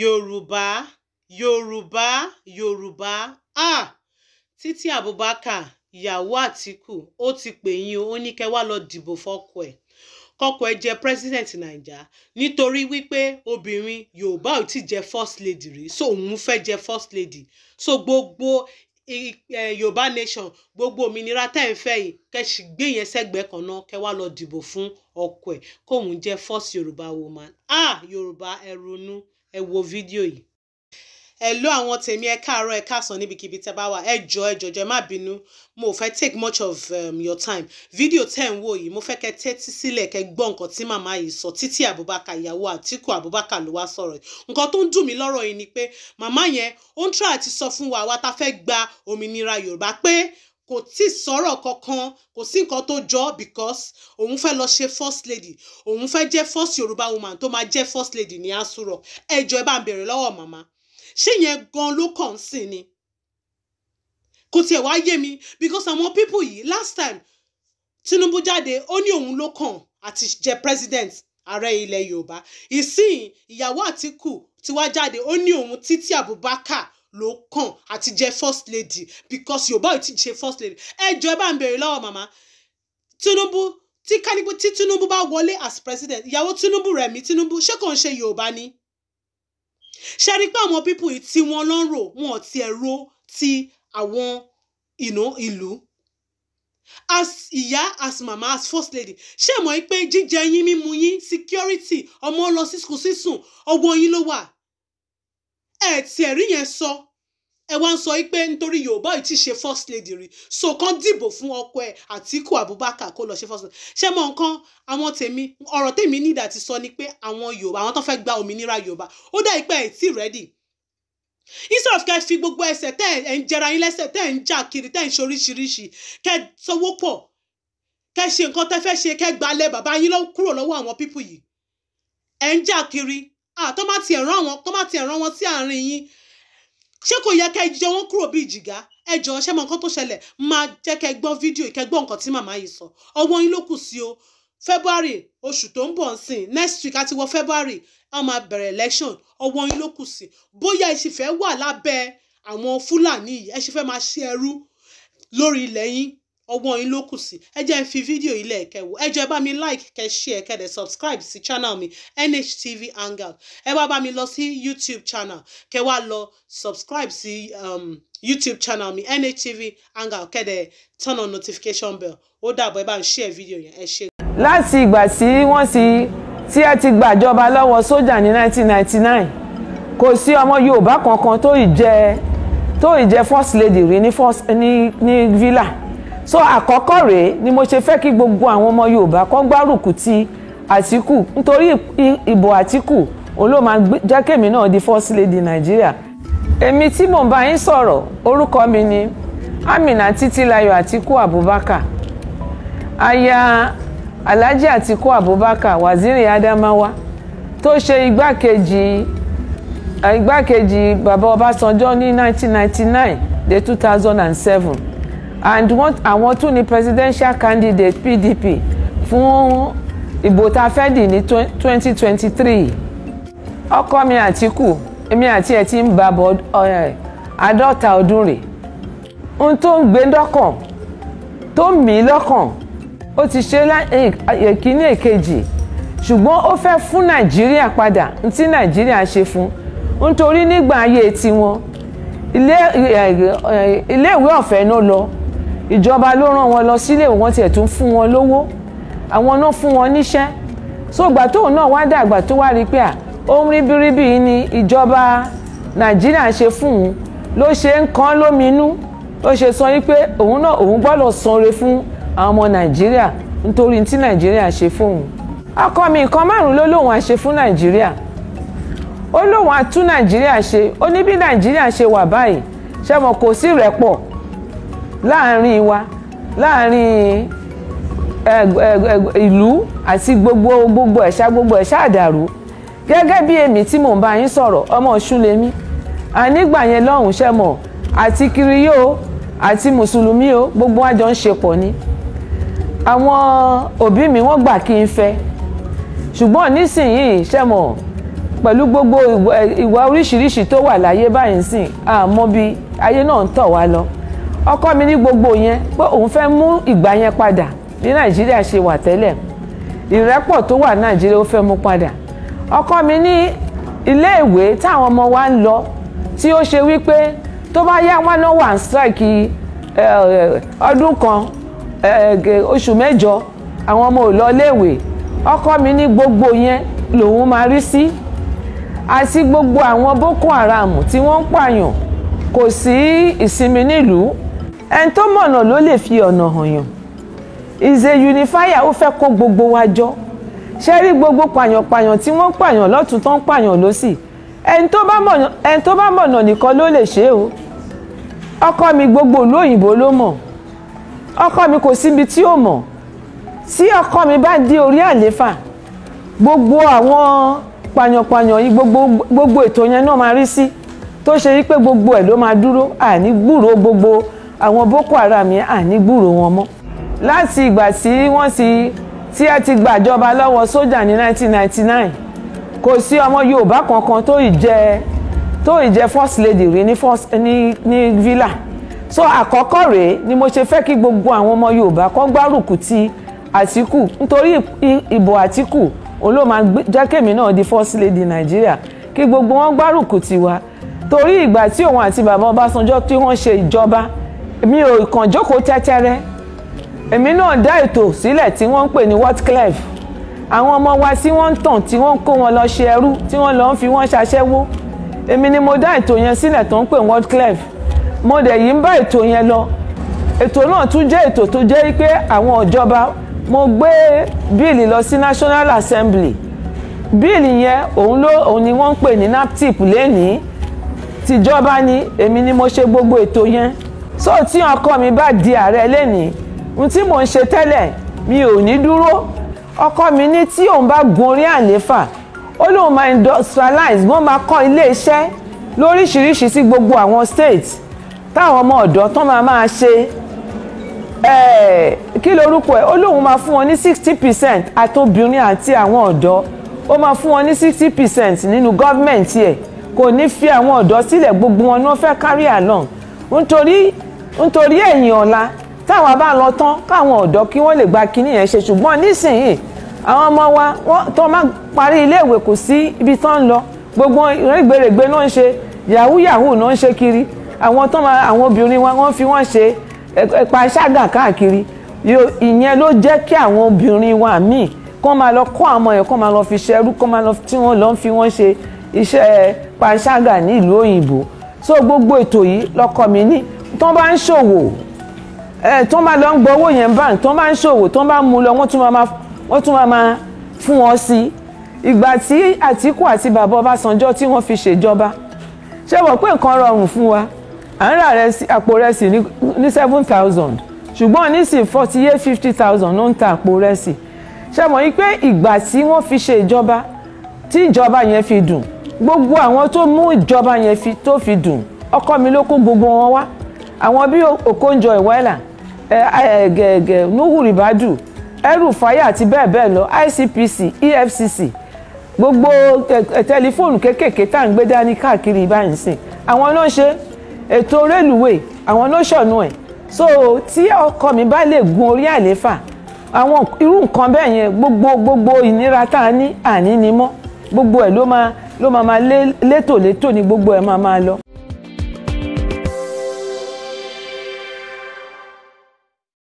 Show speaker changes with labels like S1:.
S1: yorùbá yorùbá yorùbá ah títí abubakar ìyàwó àtìkù ó ti pè yín ó ní kẹ́ wàá lọ dìbò fọ́kọ ẹ̀ kọ́kọ ẹ̀ jẹ́ president naija nítorí wípé obìnrin yorùbá ò tí jẹ́ first lady rí so òun fẹ́ jẹ́ first lady so gbogbo yorùbá nation gbogbo òmìnira tẹ́ ń fẹ́ yìí kẹ́sì gbé yẹn sẹ́gbẹ̀ẹ́ kan náà kẹ́ wá lọ dìbò fún ọkọ ẹ̀ kóun jẹ́ first yorùbá woman ah yorùbá ẹ ronú ẹ wo fídíò yìí ẹ ló àwọn tèmi ẹ káàárọ̀ ẹ káàsán níbikíbi tẹ bá wà ẹ jọ ẹ jọjọ ẹ má bínú mo fẹ́ take much of um, your time fídíò tẹ́ ń wò yìí mo fẹ́ kẹ́ tẹ́tí sílẹ̀ kẹ́ gbọ́ nǹkan tí màmá yìí sọ títí Abubakar ìyàwó Àtíkù Abubakar ló wá sọ̀rọ̀ nǹkan tó ń dùn mí lọ́rọ̀ yìí ni pé màmá yẹn ó ń try àti sọ fún wa wa ta fẹ́ gba òmìnira Yorùbá pé kò tí sọ̀rọ̀ kankan kò sí nǹkan tó jọ because òun fẹ́ lọ ṣe first lady òun fẹ́ jẹ́ first Yorùbá woman tó máa jẹ́ first lady ní Asurọ ẹjọ́ ẹ bá ń bèrè lọ́wọ́ màmá ṣé yẹn gan ló kàn sí ni kò tiẹ̀ wá yé mi because àwọn people yìí last time Tinubu jáde ó ní òun ló kàn àti jẹ́ president ààrẹ ilẹ̀ Yorùbá ìsìn ìyàwó Àtíkù ti wá jáde ó ní òun Títí Abubakar ló kàn àti jẹ́ first lady because yorùbá ò ti jẹ́ first lady ẹ jọ ẹ bá ń bèrè lọ́wọ́ màmá tinubu tí kánípù tí tinubu bá wọlé as president ìyàwó tinubu rẹ̀mí tinubu ṣé kò ń ṣe yorùbá ni ṣe rí pé àwọn pípù yìí tí wọ́n lọ ń rò wọn ò tiẹ̀ ro ti àwọn ìlú as ìyá as mama as first lady ṣé mọ̀ pé jíjẹ yín mímu yín security ọmọ lọ sí sùn sísùn ọgbọ́n yín ló wà ẹ tiẹ̀ rí yẹn sọ ẹ wá ń sọ pé nítorí Yorùbá yìí ti ṣe first lady rí so kan dìbò fún ọkọ ẹ Àtíkù Abubakar kó lọ ṣe first lady ṣé mọ nǹkan àwọn tèmi ọ̀rọ̀ tèmi ní ìdá ti sọ ni pé àwọn Yorùbá àwọn tó fẹ́ gba òmìnira Yorùbá ó dá ipẹ ẹ tí rẹdì instead of kẹ fi gbogbo ẹsẹ̀ tẹ ẹ ń jẹra yín lẹ́sẹ̀ tẹ ẹ ń jà kiri tẹ ẹ ń ṣe oríṣiríṣi kẹ sanwó pọ̀ kẹ ṣe nǹkan tẹ fẹ́ ṣe kẹ gbalẹ̀ bàbá yín lọ kúrò lọ́wọ́ àwọn pípù yìí ẹ ń jà kiri Ah, tó má tiẹ̀ rán wọn tó má tiẹ̀ rán wọn sí àárín yín ṣé kò yẹ kẹ́ jẹ wọ́n kúrò bí ìjìgá ẹ jọ ṣé mọ nǹkan tó ṣẹlẹ̀ máa jẹ́ kẹ́ gbọ́ fídíò kẹ́ gbọ́ nǹkan tí màmá yìí sọ ọwọ́ yín ló kù sí o February oṣù tó ń bọ̀ ń sìn next week àti wọ February a máa bẹ̀rẹ̀ election ọwọ́ yín ló kù sí bóyá ẹ sì fẹ́ wà lábẹ́ àwọn Fúlàní yìí ẹ sì fẹ́ máa ṣe ẹrú lórí ilẹ̀ yín ọwọ́ yín ló kù sí ẹ jẹ́ ń fi fídíò yìí lẹ́ẹ̀kẹ́ wò ẹ bá mi like kẹ́ share kẹ́ dẹ̀ subscribe sí channel mi NHTV Hangout ẹ wá bá mi lọ sí YouTube channel kẹ́ wá lọ subscribe sí um, YouTube channel mi NHTV Hangout kẹ́ dẹ̀ turn on notification bell ó dàbọ̀ ẹ bá ń share fídíò yẹn ẹ ṣe.
S2: láti ìgbà tí wọ́n ti tí ẹ ti gbàjọba lọ́wọ́ sójà ní 1999 kò sí ọmọ Yorùbá kankan tó ì jẹ tó ì jẹ first lady rí ní villa so àkọ́kọ́ rèé ni mo ṣe fẹ́ kí gbogbo àwọn ọmọ Yorùbá kó gbárùkù ti Àtíkù nítorí ìbò Àtíkù òun ló máa jẹ́ kémi náà di first lady Nàìjíríà èmi tí mò ń bá yín sọ̀rọ̀ orúkọ mi ni Amina Títílayọ̀ atiku Abubakar aya Alhaji atiku Abubakar Waziri Adamawa tó ṣe igbákejì igbákejì bàbá Ọbásanjọ́ ní 1999 dé 2007 and wọ́n àwọn tún ni presidential candidate PDP fún ìbò tá a fẹ́ dì ní twenty twenty three ọkọ mi Àtíkù èmi àti ẹ̀ ti ń ba bọ̀ àádọ́ta ọdún rè ohun tó ń gbé lọ́kàn tó ń mí lọ́kàn ó ti ṣe èkíní èkejì ṣùgbọ́n ó fẹ́ fún Nàìjíríà padà tí Nàìjíríà ṣe fún nítorí nígbà ayé tiwọn ilé ìwé ọ̀fẹ́ ló lọ ìjọba ló rán wọn lọ sílé wọn tiẹ̀ tún fún wọn lówó àwọn náà fún wọn níṣẹ́ so ìgbà tóun náà wá dàgbà tó wá rí i pé à ohun ribiribi ni ìjọba nàìjíríà ṣe fún un ló ṣe ń kan lóminú ló ṣe sọ yí pé òun náà òun gbọ́dọ̀ sanre fún àwọn ọmọ nàìjíríà nítorí tí nàìjíríà ṣe fún òun ọkọ mi nǹkan márùn-ún ló lóun á ṣe fún nàìjíríà ó lóun á tún nàìjíríà ṣe ó ní bí nàìjíríà ṣe wà báyìí ṣe mọ̀ kò sí rẹ́pọ̀ láàrin wa láàrin ìlú àti gbogbo gbogbo ẹ̀ṣá gbogbo ẹ̀ṣá àdàrú gẹ́gẹ́ bí èmi tí mò ń bá yín sọ̀rọ̀ ọmọ ọ̀ṣun lèmi ànígbà yẹn lọ́hùn ṣẹ́ mọ̀ àti kiriyó àti mùsùlùmí o gbogbo wa jọ ń ṣe pọ̀ ni àwọn òbí mi wọ́n gbà kí n fẹ́ ṣùgbọ́n nísìnyìí ṣẹ́ mọ̀ pẹ̀lú gbogbo ìwà oríṣiríṣi tó wà láyé báyìí sìn àmọ́ bí ayé náà ń tọ̀ wá lọ ọkọ mi ní gbogbo yẹn pé òun fẹ́ mú ìgbà yẹn padà bí nàìjíríà ṣe wà tẹ́lẹ̀ ìrẹ́pọ̀ tó wà nàìjíríà ó fẹ́ mú padà ọkọ mi ní ilé táwọn ọmọ wa ń lọ tí ó ṣe wípé tó bá yá wọn náà wà ń strike ọdún kan oṣù mẹ́jọ àwọn ọmọ ò lọ léèwé ọkọ mi ní gbogbo yẹn lòun máa rí sí àti gbogbo àwọn boko haram tí wọ́n ń pààyàn kò sí ìsinmi nílùú ẹni tó mọ̀nà ló lè fi ọ̀nà hàn yàn ìṣe unifier ó fẹ́ kó gbogbo wa jọ ṣe rí gbogbo pàyànpàyàn tí wọ́n pàyàn lọ́tún tán pàyàn lọ́sì ẹni tó bá mọ̀nà nìkan ló lè ṣe o ọkọ mi gbogbo ìlú òyìnbó ló mọ̀ ọkọ mi kò síbi tí ó mọ̀ tí ọkọ mi bá di orí àléfà gbogbo àwọn pàyànpàyàn yìí gbogbo ètò yẹn náà máa rí sí tó ṣe wípé gbogbo ẹ̀ ló máa dúró àní gbúròó gbogbo àwọn boko haram yẹn àní gbúrò wọn mọ́ láti ìgbà tí wọ́n ti tí ẹ ti gbàjọba lọ́wọ́ sójà ní 1999 kò sí ọmọ yorùbá kankan tó ì jẹ tó ì jẹ first lady rí ní first ní ní villa so àkọ́kọ́ rèé ni mo ṣe fẹ́ kí gbogbo àwọn ọmọ yorùbá kan gbárùkù ti àtìkù nítorí ìbò àtìkù òun ló máa jẹ́ kémi náà di first lady nàìjíríà kí gbogbo wọn gbárùkù tiwa torí ìgbà tí òun àti bàbá ọbásanjọ́ tí wọ́n ṣe ìjọba mi ò kàn jókòó tẹ́tẹ́rẹ́ èmi náà dá ètò sílẹ̀ tí wọ́n ń pè ní whatclef àwọn ọmọ wa tí wọ́n ń tàn tí wọ́n ń kó wọn lọ ṣe ẹrú tí wọ́n lọ ń fi wọ́n ṣaṣẹ́wó èmi ni mo dá ètò yẹn sílẹ̀ tó ń pè ní whatclef mo dẹ̀ yìí ń bá ètò yẹn lọ ètò náà tún jẹ́ ètò tó jẹ́ pé àwọn ìjọba mo gbé bíìlì lọ sí National Assembly bíìlì yẹn òun ló òun ni wọ́n ń pè ní naptip lẹ́nìí tìjọba ni èmi ni mo ṣe gbogbo ètò yẹn so tí ọkọ mi bá di ààrẹ lẹ́nìí ohun tí mò ń ṣe tẹ́lẹ̀ mi ò ní dúró ọkọ mi ní tí òun bá gun orí àléfà ó lóun máa industrialize wọ́n máa kọ́ ilé iṣẹ́ lóríṣiríṣi sí gbogbo àwọn states táwọn ọmọ ọ̀dọ́ tán máa máa ṣe kí lorúkọ ẹ̀ ó lóun máa fún wọn ní sixty percent àtobìnrin àti àwọn ọ̀dọ́ ó máa fún wọn ní sixty percent nínú gọ́ọ̀mẹ̀ntì ẹ̀ kò ní fi àwọn ọ̀dọ́ sílẹ̀ gbogbo wọn ni wọ́n fẹ́ carry along nítorí nítorí ẹ̀yìn ọ̀la táwọn bá lọ tán káwọn ọ̀dọ́ kí wọ́n lè gba kinní yẹn ṣe ṣùgbọ́n nísìnyí àwọn ọmọ wa tó má parí iléèwé kò sí ibi tán lọ gbogbo ìrẹ́gbẹ̀rẹ̀gbẹ̀ náà ń ṣe yahoo yahoo náà ń ṣe kiri àwọn tó máa àwọn obìnrin wa wọ́n fi wọ́n ṣe ẹ̀pà ṣáàgà káàkiri ìyẹn ló jẹ́ kí àwọn obìnrin wa míì kó máa lọ kó àwọn èèyàn kó máa lọ fi ṣerú kó máa lọ tí wọ́n lọ fi wọ́n ṣe iṣẹ́ panṣágà ní ìlú òyìnbó so gbogbo ètò yìí lọ́kọ mi ní tán bá ń ṣòwò tán bá lọ ń gbọ́ owó yẹn bank tán bá ń ṣòwò tán bá mú lọ wọ́n tún máa máa fún wọn sí ìgbà tí Àtíkù àti bàbá Ọbásanjọ́ tí wọ́n fi ṣèjọba ṣé wọ́n pé nǹkan rọrùn fún wa à ń rà àpò rẹsì ní seven thousand ṣùgbọ́n nísìnyí forty eight fifty thousand ló ń ta àpò rẹsì ṣé wọ́n yí pé ìgbà tí wọ́n fi ṣe ìjọba tí ìjọba yẹn fi dùn gbogbo àwọn tó mú ìjọba yẹn tó fi dùn ọkọ mi ló kó gbogbo wọn wá àwọn bíi okonjo iweala gẹ̀gẹ̀ nuhu ribadu El-Rufai àti bẹ́ẹ̀ bẹ́ẹ̀ lọ ICPC EFCC gbogbo tẹlifóònù kéékèèké tá à ń gbé dání káàkiri báyìí sìn àwọn náà ṣe ètò rélùwéè àwọn náà ṣọ̀nù ẹ̀ so tí ọkọ mi bá lè gun orí àléfà àwọn irú nǹkan bẹ́ẹ̀ yẹn gbogbo gbogbo ìnira tá a ní àní ni mọ́ gbogbo ẹ̀ ló máa ló máa máa létòlétò ní gbogbo ẹ̀ máa máa lọ